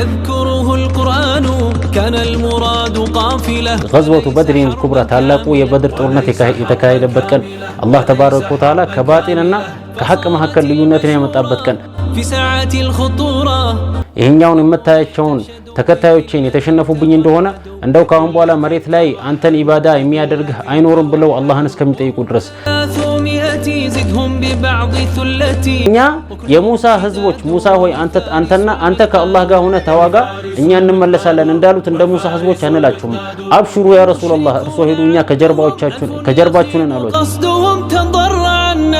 يذكره القرآن كان المراد قافلة غزوة بدر الكبرى ታላቁ የበድር ጦርነት የተካሄደበት ቀን አላህ ተባረከ ወተዓላ ከባጢንና ከሐቅ መካከል ልዩነትን ያመጣበት ቀን ይህኛውን የምታያቸውን ተከታዮችን የተሸነፉብኝ እንደሆነ እንደው ካሁን በኋላ መሬት ላይ አንተን ኢባዳ የሚያደርግህ አይኖርም ብለው አላህን እስከሚጠይቁ ድረስ እኛ የሙሳ ህዝቦች ሙሳ ሆይ አንተና አንተ ከአላህ ጋር ሆነ ተዋጋ፣ እኛ እንመለሳለን እንዳሉት እንደ ሙሳ ህዝቦች አንላችሁም። አብሽሩ ያ እርሶ ሄዱ፣ እኛ አሏቸው።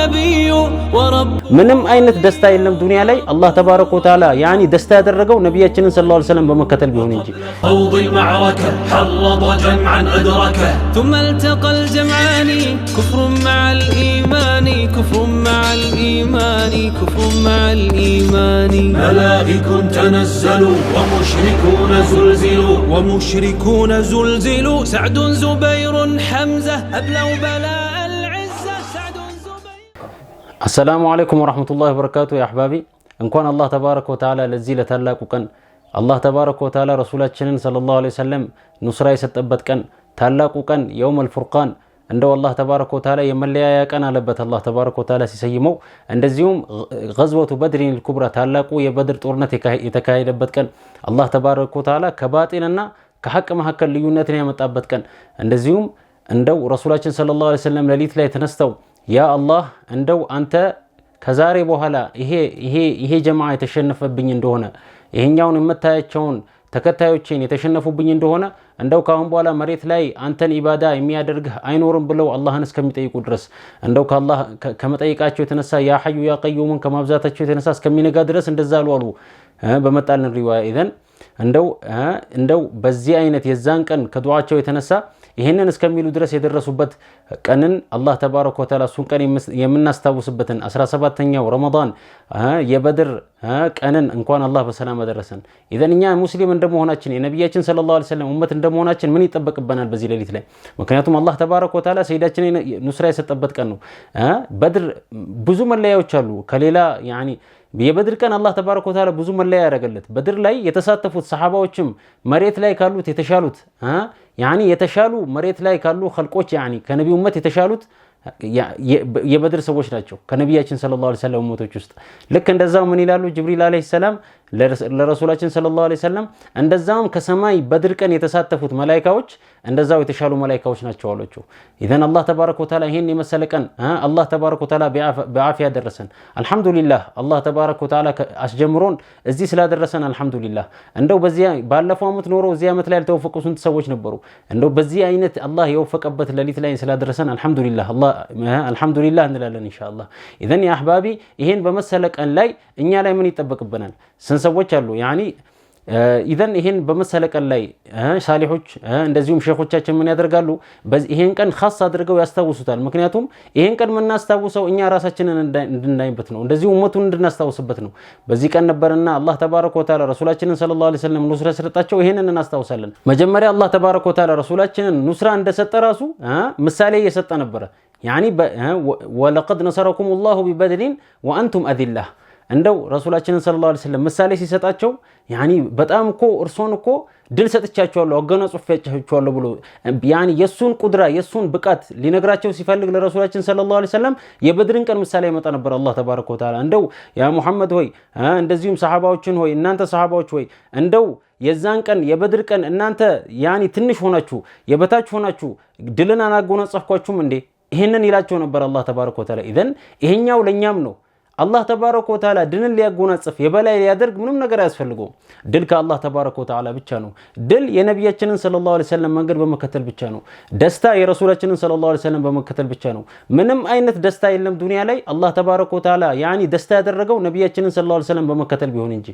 النبي ورب منم اينت دستا يلم دنيا لاي الله تبارك وتعالى يعني دستا درغو نبينا صلى الله عليه وسلم بمكه بيقول يجي. فوض المعركه حلض جمعا ادركه ثم التقى الجمعان كفر مع الايمان كفر مع الايمان كفر مع الايمان ملائك تنزلوا ومشركون زلزلوا ومشركون زلزلوا سعد زبير حمزه ابلوا بلاء አሰላሙ አለይኩም ወረህመቱላሂ ወበረካቱ። አሕባቢ እንኳን አላህ ተባረከ ወተዓላ ለዚህ ለታላቁ ቀን አላህ ተባረከ ወተዓላ ረሱላችንን ሰለላሁ ዓለይሂ ወሰለም ኑስራ የሰጠበት ቀን ታላቁ ቀን የውመል ፉርቃን እንደው አላህ ተባረከ ወተዓላ የመለያያ ቀን አለበት አላህ ተባረከ ወተዓላ ሲሰይመው። እንደዚሁም ገዝወቱ በድሪን ልኩብራ ታላቁ የበድር ጦርነት የተካሄደበት ቀን አላህ ተባረከ ወተዓላ ከባጢልና ከሐቅ መካከል ልዩነትን ያመጣበት ቀን እንደዚሁም እንደው ረሱላችን ሰለላሁ ዓለይሂ ወሰለም ሌሊት ላይ ተነስተው ያ አላህ እንደው አንተ ከዛሬ በኋላ ይሄ ጀማዓ የተሸነፈብኝ እንደሆነ ይሄኛውን የምታያቸውን ተከታዮችን የተሸነፉብኝ እንደሆነ እንደው ካሁን በኋላ መሬት ላይ አንተን ኢባዳ የሚያደርግህ አይኖርም ብለው አላህን እስከሚጠይቁ ድረስ እንደው ከመጠይቃቸው የተነሳ ያ ሐዩ ያ ቀዩምን ከማብዛታቸው የተነሳ እስከሚነጋ ድረስ እንደዛ አሉ አሉ በመጣልን ሪዋያ ኢዘን እንደው በዚህ አይነት የዛን ቀን ከዱዓቸው የተነሳ ይህንን እስከሚሉ ድረስ የደረሱበት ቀንን አላህ ተባረከ ወተዓላ እሱን ቀን የምናስታውስበትን 17ተኛው ረመዳን የበድር ቀንን እንኳን አላህ በሰላም አደረሰን። ኢዘን እኛ ሙስሊም እንደመሆናችን የነቢያችን ሰለላሁ ዐለይሂ ወሰለም ኡመት እንደመሆናችን ምን ይጠበቅበናል በዚህ ሌሊት ላይ? ምክንያቱም አላህ ተባረከ ወተዓላ ሰይዳችን ኑስራ የሰጠበት ቀን ነው። በድር ብዙ መለያዎች አሉ ከሌላ የበድር ቀን አላህ ተባረከ ወተዓላ ብዙ መለያ ያደረገለት በድር ላይ የተሳተፉት ሰሓባዎችም መሬት ላይ ካሉት የተሻሉት ያኒ የተሻሉ መሬት ላይ ካሉ ኸልቆች ያኒ ከነቢዩ ኡመት የተሻሉት የበድር ሰዎች ናቸው። ከነቢያችን ሰለላሁ ዐለይሂ ወሰለም ኡመቶች ውስጥ ልክ እንደዛው ምን ይላሉ ጅብሪል ዐለይሂ ሰላም ለረሱላችን ሰለላሁ ዐለይሂ ወሰለም እንደዛውም ከሰማይ በድር ቀን የተሳተፉት መላይካዎች እንደዛው የተሻሉ መላይካዎች ናቸው አሏቸው። ኢዘን አላህ ተባረከ ወተዓላ ይህን የመሰለ ቀን አላህ ተባረከ ወተዓላ በአፊያ ደረሰን። አልሐምዱሊላህ አላህ ተባረከ ወተዓላ አስጀምሮን እዚህ ስላደረሰን አልሐምዱሊላህ። እንደው በዚህ ባለፈው ዓመት ኖሮ እዚህ ዓመት ላይ ያልተወፈቁ ስንት ሰዎች ነበሩ። እንደው በዚህ አይነት አላህ የወፈቀበት ሌሊት ላይ ስላደረሰን አልሐምዱሊላህ አልሐምዱሊላህ እንላለን ኢንሻአላህ። ኢዘን የአሕባቢ ይህን በመሰለ ቀን ላይ እኛ ላይ ምን ይጠበቅብናል? ሰዎች አሉ። ያኒ ኢዘን ይህን በመሰለ ቀን ላይ ሳሊሖች እንደዚሁም ሼኾቻችን ምን ያደርጋሉ? ይሄን ቀን ኻስ አድርገው ያስታውሱታል። ምክንያቱም ይሄን ቀን የምናስታውሰው እኛ ራሳችንን እንድናይበት ነው፣ እንደዚሁ እመቱን እንድናስታውስበት ነው። በዚህ ቀን ነበርና አላህ ተባረከ ወተዓላ ረሱላችንን ሰለላሁ ዐለይሂ ወሰለም ኑስራ ስለጣቸው ይሄንን እናስታውሳለን። መጀመሪያ አላህ ተባረከ ወተዓላ ረሱላችንን ኑስራ እንደሰጠ ራሱ ምሳሌ እየሰጠ ነበረ። ያኒ ወለቀድ ነሰረኩም ላሁ ቢበድሪን ወአንቱም አዚላህ እንደው ረሱላችንን ስለ ላ ስለም ምሳሌ ሲሰጣቸው ያኒ በጣም እኮ እርሶን እኮ ድል ሰጥቻቸዋለሁ አጎናጽፌያቸዋለሁ ብሎ ያኒ የሱን ቁድራ የሱን ብቃት ሊነግራቸው ሲፈልግ ለረሱላችን ስለ ላ ወሰለም የበድርን ቀን ምሳሌ ይመጣ ነበር። አላህ ተባረከ ወተዓላ እንደው ያ ሙሐመድ ሆይ እንደዚሁም ሰሓባዎችን ሆይ እናንተ ሰሐባዎች ሆይ እንደው የዛን ቀን የበድር ቀን እናንተ ያኒ ትንሽ ሆናችሁ የበታች ሆናችሁ ድልን አላጎናጸፍኳችሁም እንዴ? ይህንን ይላቸው ነበር አላህ ተባረከ ወተዓላ። ኢዘን ይሄኛው ለእኛም ነው አላህ ተባረከ ወተዓላ ድልን ሊያጎናጽፍ የበላይ ሊያደርግ ምንም ነገር አያስፈልገውም። ድል ከአላህ ተባረከ ወተዓላ ብቻ ነው። ድል የነቢያችንን ሰለላሁ ዐለይሂ ወሰለም መንገድ በመከተል ብቻ ነው። ደስታ የረሱላችንን ሰለላሁ ዐለይሂ ወሰለም በመከተል ብቻ ነው። ምንም አይነት ደስታ የለም ዱንያ ላይ አላህ ተባረከ ወተዓላ ያኒ ደስታ ያደረገው ነቢያችንን ሰለላሁ ዐለይሂ ወሰለም በመከተል ቢሆን እንጂ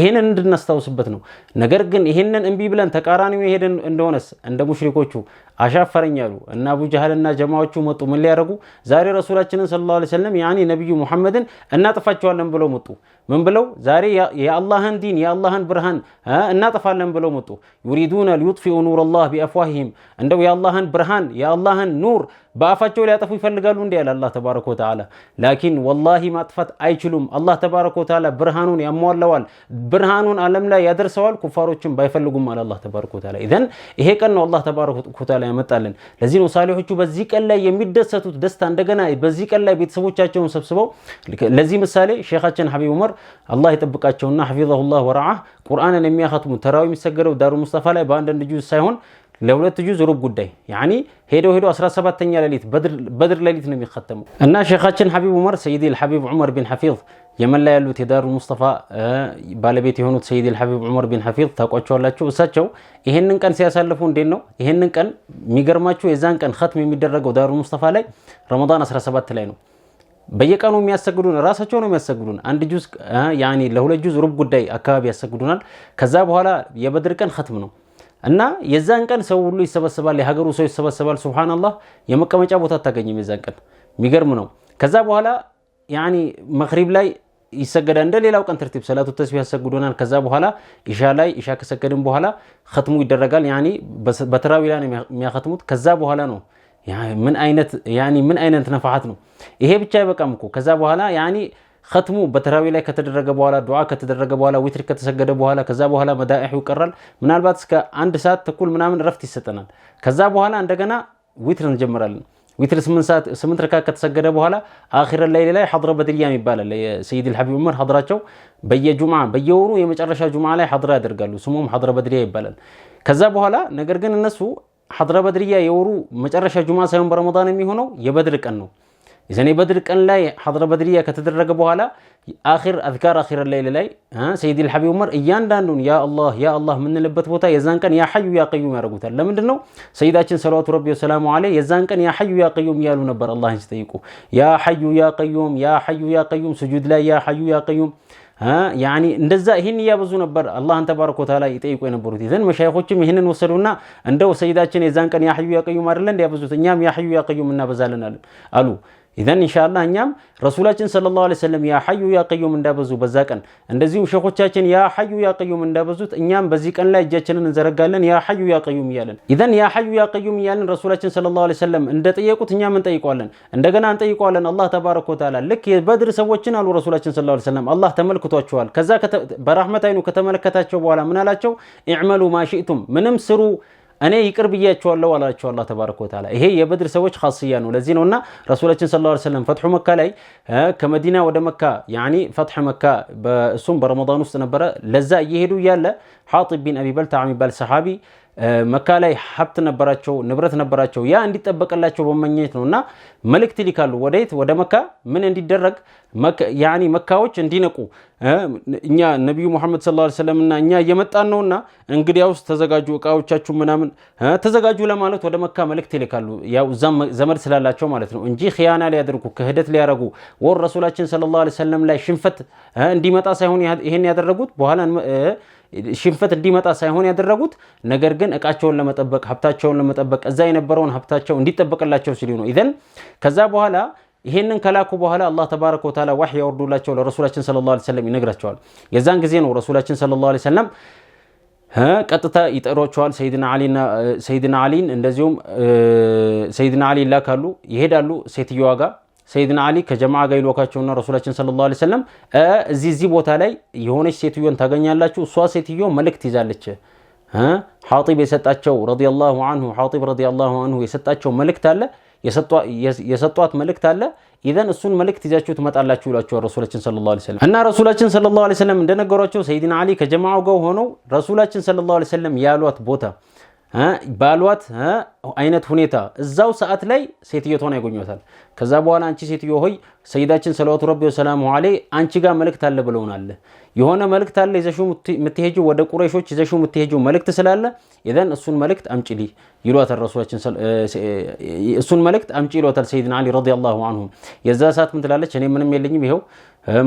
ይህንን እንድናስታውስበት ነው። ነገር ግን ይህንን እምቢ ብለን ተቃራኒው የሄደን እንደሆነስ እንደ ሙሽሪኮቹ አሻፈረኝ አሉ እና አቡ ጃህልና ጀማዎቹ መጡ። ምን ሊያደርጉ? ዛሬ ረሱላችንን ሰለላሁ ዐለይሂ ወሰለም ያኔ ነቢዩ ሙሐመድን እናጥፋቸዋለን ብለው መጡ። ምን ብለው? ዛሬ የአላህን ዲን የአላህን ብርሃን እናጠፋለን ብለው መጡ። ዩሪዱነ ሊዩጥፊኡ ኑረላህ ቢአፍዋሂሂም እንደው የአላህን ብርሃን የአላህን ኑር በአፋቸው ሊያጠፉ ይፈልጋሉ እንዲ ያለ አላህ ተባረከ ወተዓላ። ላኪን ወላሂ ማጥፋት አይችሉም። አላህ ተባረከ ወተዓላ ብርሃኑን ያሟለዋል፣ ብርሃኑን ዓለም ላይ ያደርሰዋል። ኩፋሮችን ባይፈልጉም አለ አላህ ተባረከ ወተዓላ። ኢዘን ይሄ ቀን ነው አላህ ተባረከ ወተዓላ ያመጣልን። ለዚህ ነው ሳሌሖቹ በዚህ ቀን ላይ የሚደሰቱት ደስታ እንደገና በዚህ ቀን ላይ ቤተሰቦቻቸውን ሰብስበው ለዚህ ምሳሌ ሼኻችን ሐቢብ ዑመር አላህ ይጠብቃቸውና ሐፊዘሁላህ ወረዓህ ቁርአንን የሚያኸትሙ ተራዊ የሚሰገደው ዳሩ ሙስጠፋ ላይ በአንዳንድ ጁዝ ሳይሆን ለሁለት ለሁለትጁ ሩብ ጉዳይ ያኒ ሄዶ ሄዶ 17ኛ ሌሊት በድር ሌሊት ነው የሚከተመው እና ሼካችን ሐቢብ ዑመር ሰይዲ ልሐቢብ ዑመር ቢን ሐፊዝ የመላ ያሉት የዳሩ ሙስጠፋ ባለቤት የሆኑት ሰይዲ ልሐቢብ ዑመር ቢን ሐፊዝ ታውቋቸዋላችሁ። እሳቸው ይሄንን ቀን ሲያሳልፉ እንዴት ነው ይሄንን ቀን የሚገርማችሁ፣ የዛን ቀን ኸትም የሚደረገው ዳሩ ሙስጠፋ ላይ ረመዳን 17 ላይ ነው። በየቀኑ የሚያሰግዱን ራሳቸው ነው የሚያሰግዱን። አንድ ጁዝ ለሁለት ጁዝ ሩብ ጉዳይ አካባቢ ያሰግዱናል። ከዛ በኋላ የበድር ቀን ኸትም ነው። እና የዛን ቀን ሰው ሁሉ ይሰበሰባል፣ የሀገሩ ሰው ይሰበሰባል። ሱብሃነላህ የመቀመጫ ቦታ አታገኝም የዛን ቀን የሚገርም ነው። ከዛ በኋላ ያኒ መክሪብ ላይ ይሰገዳል እንደ ሌላው ቀን ትርቲብ ሰላቱ ተስቢ ያሰግዱናል። ከዛ በኋላ ኢሻ ላይ ኢሻ ከሰገድን በኋላ ኸትሙ ይደረጋል። ያኒ በተራዊ ላይ የሚያከትሙት ከዛ በኋላ ነው ምን አይነት ምን አይነት ነፋሀት ነው ይሄ ብቻ አይበቃም እኮ ከዛ በኋላ ያኒ ከትሙ በተራዊ ላይ ከተደረገ በኋላ ዱዓ ከተደረገ በኋላ ዊትር ከተሰገደ በኋላ ከዛ በኋላ መዳኢሑ ይቀራል። ምናልባት እስከ አንድ ሰዓት ተኩል ምናምን እረፍት ይሰጠናል። ከዛ በኋላ እንደገና ዊትር እንጀምራለን። ዊትር ስምንት ረካ ከተሰገደ በኋላ አኺረ ላይል ላይ ሐድረ በድልያም ይባላል። የሰይድ ልሐቢብ ዑመር ሐድራቸው በየጁምዓ በየወሩ የመጨረሻ ጁምዓ ላይ ሐድራ ያደርጋሉ። ስሙም ሐድረ በድልያ ይባላል። ከዛ በኋላ ነገር ግን እነሱ ሐድረ በድልያ የወሩ መጨረሻ ጁምዓ ሳይሆን በረመዳን የሚሆነው የበድር ቀን ነው። የሰኔ በድር ቀን ላይ ሐድረ በድርያ ከተደረገ በኋላ አኺር አዝካር አኺረ ላይል ላይ ሰይድ ልሐቢብ ዑመር እያንዳንዱን ያ አላህ ያ አላህ የምንልበት ቦታ የዛን ቀን ያ ሐዩ ያ ቀዩም ያደርጉታል። ለምንድን ነው ሰይዳችን ሰለዋቱ ረቢ ወሰላሙ ዐለይህ የዛን ቀን ያ ሐዩ ያ ቀዩም እያሉ ነበር አላህን ሲጠይቁ። ያ ሐዩ ያ ቀዩም ያ ሐዩ ያ ቀዩም ስጁድ ላይ ያ ሐዩ ያ ቀዩም ያኒ እንደዛ ይህን እያበዙ ነበር አላህን ተባረከ ወተዓላ ይጠይቁ የነበሩት። ይዘን መሻይኾችም ይህንን ወሰዱና እንደው ሰይዳችን የዛን ቀን ያ ሐዩ ያ ቀዩም አይደለ እንዲያበዙት እኛም ያ ሐዩ ያ ቀዩም እናበዛለን አሉ። ኢዘን ኢንሻአላ እኛም ረሱላችን ሰለላሁ ዐለይሂ ወሰለም ያ ሐዩ ያ ቀዩም እንዳበዙ በዛ ቀን እንደዚሁም ሸኾቻችን ያ ሐዩ ያ ቀዩም እንዳበዙት እኛም በዚህ ቀን ላይ እጃችንን እንዘረጋለን ያ ሐዩ ያ ቀዩም እያለን። ኢዘን ያ ሐዩ ያ ቀዩም እያለን ረሱላችን ሰለላሁ ዐለይሂ ወሰለም እንደጠየቁት እኛም እንጠይቋለን፣ እንደገና እንጠይቋለን። አላህ ተባረከ ወተዓላ ልክ የበድር ሰዎችን አሉ ረሱላችን ሰለላሁ ዐለይሂ ወሰለም አላህ ተመልክቷቸዋል። ከዛ በራህመት አይኑ ከተመለከታቸው በኋላ ምን አላቸው? ኢዕመሉ ማሽእቱም ምንም ስሩ እኔ ይቅር ብያቸዋለሁ አላቸው አላህ ተባረከ ወተዓላ። ይሄ የበድር ሰዎች ኻስያ ነው። ለዚህ ነውና ረሱላችን ሰለላሁ ዐለይሂ ወሰለም ፈትሑ መካ ላይ ከመዲና ወደ መካ ያኒ ፈትሕ መካ እሱም በረመዳን ውስጥ ነበረ። ለዛ እየሄዱ እያለ ሐጢብ ቢን አቢ በልታ የሚባል ሰሓቢ መካ ላይ ሀብት ነበራቸው፣ ንብረት ነበራቸው። ያ እንዲጠበቅላቸው በመኘት ነው እና መልእክት ይልካሉ። ወደየት? ወደ መካ ምን እንዲደረግ መካዎች እንዲነቁ እኛ ነቢዩ ሙሐመድ ሰለላሁ ዐለይሂ ወሰለም እና እኛ እየመጣን ነውና እንግዲያውስ ተዘጋጁ፣ እቃዎቻችሁ ምናምን ተዘጋጁ ለማለት ወደ መካ መልእክት ይልካሉ። ያው ዘመድ ስላላቸው ማለት ነው እንጂ ኪያና ሊያደርጉ ክህደት ሊያረጉ ወር ረሱላችን ሰለላሁ ዐለይሂ ወሰለም ላይ ሽንፈት እንዲመጣ ሳይሆን ይሄን ያደረጉት በኋላ ሽንፈት እንዲመጣ ሳይሆን ያደረጉት ነገር ግን እቃቸውን ለመጠበቅ ሀብታቸውን ለመጠበቅ እዛ የነበረውን ሀብታቸው እንዲጠበቅላቸው ሲሉ ነው። ኢዘን ከዛ በኋላ ይሄንን ከላኩ በኋላ አላህ ተባረከ ወተዓላ ዋህ ያወርዱላቸው ለረሱላችን ሰለላሁ ዐለይሂ ወሰለም ይነግራቸዋል። የዛን ጊዜ ነው ረሱላችን ሰለላሁ ዐለይሂ ወሰለም ቀጥታ ይጠሯቸዋል። ሰይድና ዓሊን እንደዚሁም ሰይድና አሊ ይላካሉ፣ ይሄዳሉ ሴትዮዋ ጋር ሰይድና አሊ ከጀማዓ ጋር ይልወካቸውና ረሱላችን ሰለላሁ ዓለይሂ ወሰለም እዚህ እዚህ ቦታ ላይ የሆነች ሴትዮን ታገኛላችሁ። እሷ ሴትዮ መልእክት ይዛለች። ሐጢብ የሰጣቸው ረዲየላሁ አንሁ ሐጢብ ረዲየላሁ አንሁ የሰጣቸው መልእክት አለ የሰጧት መልእክት አለ። ኢዘን እሱን መልእክት ይዛችሁ ትመጣላችሁ ይሏቸዋል ረሱላችን ሰለላሁ ዓለይሂ ወሰለም እና ረሱላችን ሰለላሁ ዓለይሂ ወሰለም እንደነገሯቸው ሰይድና አሊ ከጀማው ጋር ሆነው ረሱላችን ሰለላሁ ዓለይሂ ወሰለም ያሏት ቦታ ባሏት አይነት ሁኔታ እዛው ሰዓት ላይ ሴትዮ ሴትዮቷን ያጎኟታል። ከዛ በኋላ አንቺ ሴትዮ ሆይ ሰይዳችን ሰለዋቱ ረቢ ወሰላሙ አሌ አንቺ ጋር መልእክት አለ ብለውናል። የሆነ መልእክት አለ ይዘሹ የምትሄጁ ወደ ቁረይሾች ይዘሹ የምትሄጁ መልእክት ስላለ ኢዘን እሱን መልእክት አምጪሊ ይሏታል። ረሱላችን እሱን መልእክት አምጪ ይሏታል ሰይድና አሊ ረዲየላሁ አንሁም። የዛ ሰዓት ምን ትላለች? እኔ ምንም የለኝም፣ ይኸው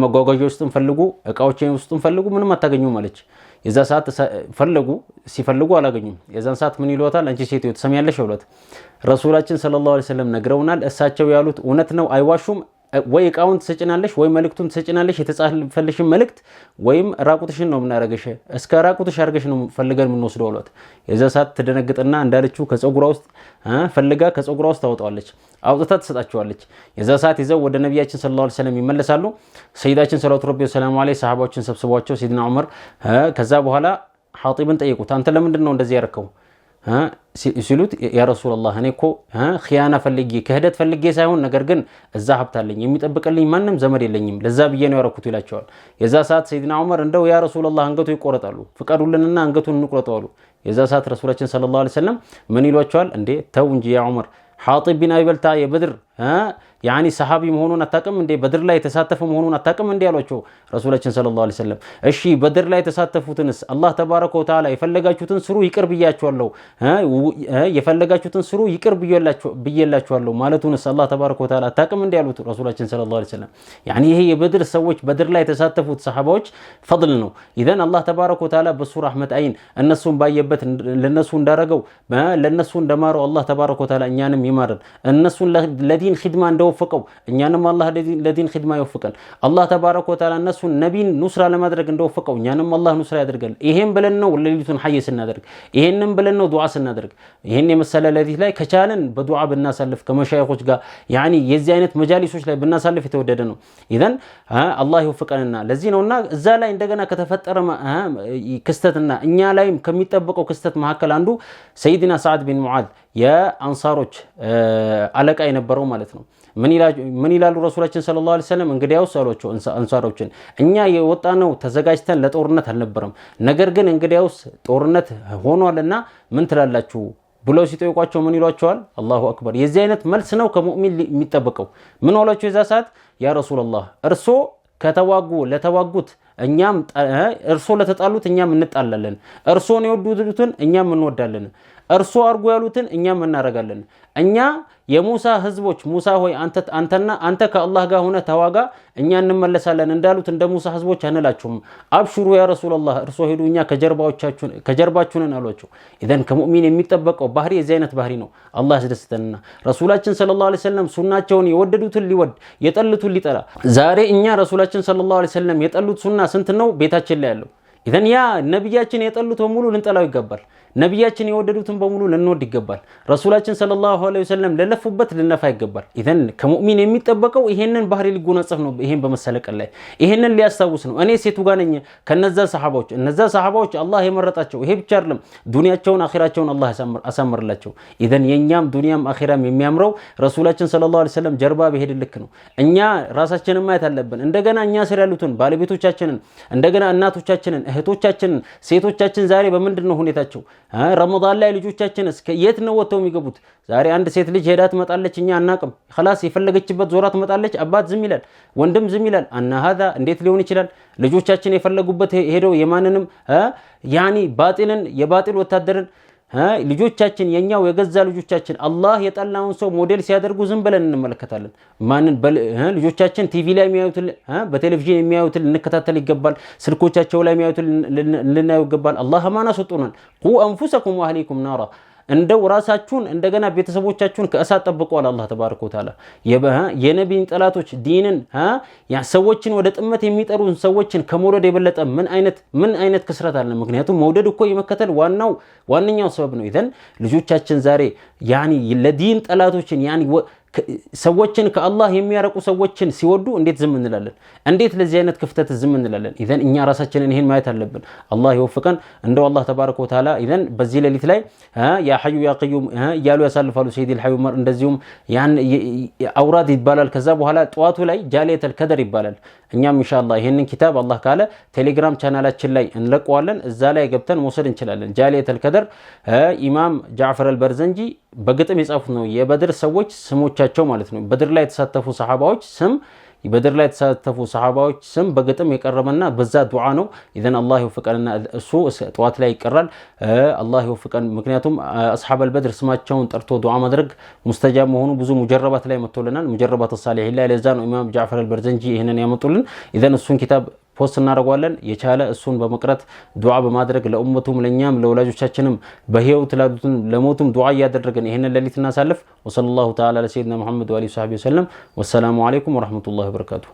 መጓጓዣ ውስጥም ፈልጉ፣ እቃዎች ውስጥም ፈልጉ፣ ምንም አታገኙም አለች። የዛ ሰዓት ፈለጉ፣ ሲፈልጉ አላገኙም። የዛን ሰዓት ምን ይሏታል? አንቺ ሴትዮ ትሰሚያለሽ ብሏት ረሱላችን ሰለላሁ ዐለይሂ ወሰለም ነግረውናል። እሳቸው ያሉት እውነት ነው፣ አይዋሹም ወይ እቃውን ትሰጭናለሽ ወይ መልእክቱን ትሰጭናለሽ። የተጻፈልሽን መልእክት ወይም ራቁትሽን ነው የምናደርግሽ፣ እስከ ራቁትሽ አድርገሽ ነው ፈልገን የምንወስደው አሏት። የዛ ሰዓት ትደነግጥና እንዳለችው ከፀጉሯ ውስጥ ፈልጋ ከፀጉሯ ውስጥ ታወጣዋለች፣ አውጥታ ትሰጣቸዋለች። የዛ ሰዓት ይዘው ወደ ነቢያችን ስለ ላ ሰለም ይመለሳሉ። ሰይዳችን ሰላቱ ረቢ ሰላሙ ላይ ሰሓባዎችን ሰብስቧቸው ሲድና ዑመር ከዛ በኋላ ሐጢብን ጠየቁት፣ አንተ ለምንድን ነው እንደዚህ ያረከው? ሲሉት ያረሱላላህ እኔ እኮ ኪያና ፈልጌ ክህደት ፈልጌ ሳይሆን ነገር ግን እዛ ሀብታለኝ የሚጠብቅልኝ ማንም ዘመድ የለኝም፣ ለዛ ብዬ ነው ያረኩት ይላቸዋል። የዛ ሰዓት ሰይድና ዑመር እንደው ያ ረሱላላህ አንገቱ ይቆረጣሉ፣ ፍቀዱልንና አንገቱን እንቁረጠው አሉ። የዛ ሰዓት ረሱላችን ሰለላሁ ዐለይሂ ወሰለም ምን ይሏቸዋል? እንዴ ተው እንጂ ያ ዑመር ሐጢብ ቢን አቢ በልታ የበድር ያኒ ሰሃቢ መሆኑን አታቅም እንዴ? በድር ላይ የተሳተፈ መሆኑን አታቅም እንዴ? አሏቸው ረሱላችን ሰለላሁ ዐለይሂ ወሰለም። እሺ በድር ላይ የተሳተፉትንስ አላህ ተባረከ ወተዓላ የፈለጋችሁትን ስሩ ይቅር ብያችኋለሁ፣ የፈለጋችሁትን ስሩ ይቅር ብዬላችኋለሁ ማለቱንስ አላህ ተባረከ ወተዓላ አታቅም እንዴ? አሉት ረሱላችን ሰለላሁ ዐለይሂ ወሰለም። ያኒ ይሄ የበድር ሰዎች በድር ላይ የተሳተፉት ሰሃባዎች ፈድል ነው። ኢዘን አላህ ተባረከ ወተዓላ በሱ ረሕመት አይን እነሱን ባየበት ለነሱ እንዳረገው ለነሱ እንደማረው አላህ ተባረከ ወተዓላ እኛንም ይማረን እነሱን ለዲን ኺድማ እንደው የወፈቀው እኛንም አላህ ለዲን ሂድማ ይወፍቀን። አላህ ተባረከ ወተዓላ እነሱን ነቢን ኑስራ ለማድረግ እንደወፈቀው እኛንም አላህ ኑስራ ያደርገን። ይሄን ብለን ነው ሌሊቱን ሀይ ስናደርግ፣ ይሄንም ብለን ነው ዱዓ ስናደርግ። ይህን የመሰለ ሌሊት ላይ ከቻለን በዱዓ ብናሳልፍ ከመሻይኮች ጋር ያኒ የዚህ አይነት መጃሊሶች ላይ ብናሳልፍ የተወደደ ነው። ኢዘን አላህ ይወፍቀንና ለዚህ ነውና እዛ ላይ እንደገና ከተፈጠረ ክስተትና እኛ ላይም ከሚጠበቀው ክስተት መካከል አንዱ ሰይድና ሰዓድ ቢን ሙዓዝ የአንሳሮች አለቃ የነበረው ማለት ነው። ምን ይላሉ ረሱላችን ሰለላሁ ዐለይሂ ወሰለም? እንግዲያውስ አሏቸው አንሳሮችን እኛ የወጣ ነው ተዘጋጅተን ለጦርነት አልነበረም። ነገር ግን እንግዲያውስ ጦርነት ሆኗልና ምን ትላላችሁ ብለው ሲጠይቋቸው ምን ይሏቸዋል? አላሁ አክበር። የዚህ አይነት መልስ ነው ከሙእሚን የሚጠበቀው። ምን ዋሏቸው የዛ ሰዓት ያ ረሱላላህ እርሶ ከተዋጉ ለተዋጉት እኛም እርሶ ለተጣሉት እኛም እንጣላለን፣ እርሶን የወዱትን እኛም እንወዳለን፣ እርሶ አርጎ ያሉትን እኛም እናረጋለን እኛ የሙሳ ህዝቦች ሙሳ ሆይ አንተና አንተ ከአላህ ጋር ሆነ ተዋጋ፣ እኛ እንመለሳለን እንዳሉት እንደ ሙሳ ህዝቦች አንላችሁም። አብሽሩ ያ ረሱላላህ እርሶ ሄዱ፣ እኛ ከጀርባችሁ አሏቸው። ኢዘን ከሙእሚን የሚጠበቀው ባህሪ የዚህ አይነት ባህሪ ነው። አላህ ያስደስተንና ረሱላችን ሰለላሁ ዓለይሂ ወሰለም ሱናቸውን የወደዱትን ሊወድ የጠሉትን ሊጠላ። ዛሬ እኛ ረሱላችን ሰለላሁ ዓለይሂ ወሰለም የጠሉት ሱና ስንት ነው ቤታችን ላይ ያለው? ኢዘን ያ ነቢያችን የጠሉት በሙሉ ልንጠላው ይገባል። ነቢያችን የወደዱትን በሙሉ ልንወድ ይገባል። ረሱላችን ሰለላሁ ዐለይሂ ወሰለም ለለፉበት ልነፋ ይገባል። ኢዘን ከሙእሚን የሚጠበቀው ይሄንን ባህሪ ሊጎናጸፍ ነው። ይሄን በመሰለቀል ላይ ይሄንን ሊያስታውስ ነው። እኔ ሴቱ ጋር ነኝ ከነዛ ሰሓባዎች እነዛ ሰሃባዎች አላህ የመረጣቸው ይሄ ብቻ አይደለም፣ ዱንያቸውን አኺራቸውን አላህ አሳምርላቸው። ኢዘን የእኛም ዱንያም አኺራም የሚያምረው ረሱላችን ሰለላሁ ዐለይሂ ወሰለም ጀርባ በሄድ ልክ ነው። እኛ ራሳችንን ማየት አለብን። እንደገና እኛ ስር ያሉትን ባለቤቶቻችንን፣ እንደገና እናቶቻችንን፣ እህቶቻችንን፣ ሴቶቻችን ዛሬ በምንድን ነው ሁኔታቸው? ረመዳን ላይ ልጆቻችን እስከ የት ነው ወጥተው የሚገቡት? ዛሬ አንድ ሴት ልጅ ሄዳ ትመጣለች፣ እኛ አናቅም። ላስ የፈለገችበት ዞራ ትመጣለች። አባት ዝም ይላል፣ ወንድም ዝም ይላል። አና ሀዛ እንዴት ሊሆን ይችላል? ልጆቻችን የፈለጉበት ሄደው የማንንም ያኒ ባጢልን የባጢል ወታደርን ልጆቻችን የኛው የገዛ ልጆቻችን አላህ የጠላውን ሰው ሞዴል ሲያደርጉ ዝም ብለን እንመለከታለን። ማንን ልጆቻችን ቲቪ ላይ የሚያዩት በቴሌቪዥን የሚያዩት ልንከታተል ይገባል። ስልኮቻቸው ላይ የሚያዩት ልናየው ይገባል። አላህ አማና ሰጡናል። ቁ አንፉሰኩም ወአህሊኩም ናራ እንደው ራሳችሁን እንደገና ቤተሰቦቻችሁን ከእሳት ጠብቀዋል። አላህ ተባረከ ወተዓላ የነቢን ጠላቶች ዲንን ሰዎችን ወደ ጥመት የሚጠሩን ሰዎችን ከመውደድ የበለጠ ምን አይነት ምን አይነት ክስረት አለ? ምክንያቱም መውደድ እኮ የመከተል ዋናው ዋነኛው ሰበብ ነው። ይዘን ልጆቻችን ዛሬ ያኒ ለዲን ጠላቶችን ያኒ ሰዎችን ከአላህ የሚያረቁ ሰዎችን ሲወዱ እንዴት ዝም እንላለን? እንዴት ለዚህ አይነት ክፍተት ዝም እንላለን? ኢዘን እኛ ራሳችንን ይህን ማየት አለብን። አላህ ይወፍቀን። እንደው አላህ ተባረከ ወተዓላ ኢዘን በዚህ ሌሊት ላይ ያ ሐዩ ያ ቀዩም እያሉ ያሳልፋሉ። ሰይድ ልሐዩ መር እንደዚሁም ያን አውራድ ይባላል። ከዛ በኋላ ጠዋቱ ላይ ጃሌተል ከደር ይባላል። እኛም ኢንሻአላህ ይህንን ኪታብ አላህ ካለ ቴሌግራም ቻናላችን ላይ እንለቀዋለን። እዛ ላይ ገብተን መውሰድ እንችላለን። ጃሌተል ከደር ኢማም ጃዕፈር አልበርዘንጂ በግጥም የጻፉት ነው። የበድር ሰዎች ስሞቻቸው ወንድሞቻቸው ማለት ነው። በድር ላይ የተሳተፉ ሰሓባዎች ስም በድር ላይ የተሳተፉ ሰሓባዎች ስም በግጥም የቀረበና በዛ ዱዓ ነው። ኢዘን አላህ ይወፍቀንና እሱ ጠዋት ላይ ይቀራል። አላህ ይወፍቀን። ምክንያቱም አስሓበል በድር ስማቸውን ጠርቶ ዱዓ ማድረግ ሙስተጃብ መሆኑ ብዙ ሙጀረባት ላይ መጥቶልናል። ሙጀረባት ሳሌ ላይ ለዛ ነው ኢማም ጃዕፈር አልበርዘንጂ ይህንን ያመጡልን። ኢዘን እሱን ኪታብ ፖስት እናደርጓለን። የቻለ እሱን በመቅረት ዱዓ በማድረግ ለኡመቱም ለእኛም ለወላጆቻችንም በህይወት ላሉትን ለሞቱም ዱዓ እያደረግን ይህንን ሌሊት እናሳልፍ። ወሰለላሁ ተዓላ ለሰይድና ሙሐመድ ሰለም ወሰለም። ወሰላሙ አለይኩም ወረሕመቱላሂ ወበረካቱ።